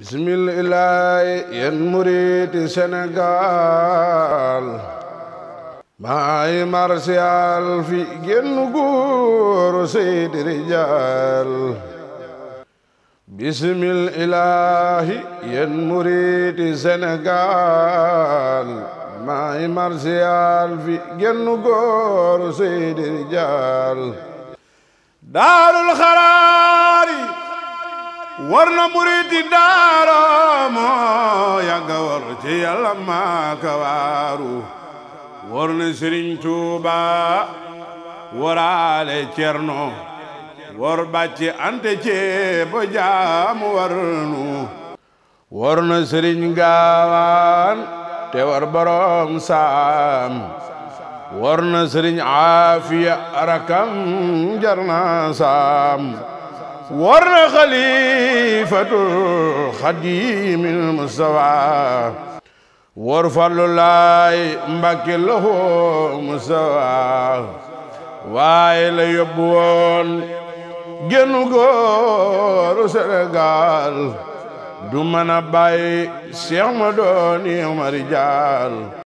bismillahi yen muriti Sénégal maay marsial fi genn góoru seydi rijal bismillahi yen muriti Sénégal maay marsial fi genn góoru seydi rijal daarul xaraam war na muriti daaro moo yàgga war ci waaru war na sëriñ tuuba waraale cerno war bàcci ante ceeba jaamu war nu war na sëriñ gaawaan te war borom saam war na sëriñ aafiya rakam jarna saam ورنا خليفة الخديم المستوى ورفل الله مبكي له waaye la yóbbu woon génnu góoru Sénégal du mën a bàyyi Cheikh rijaal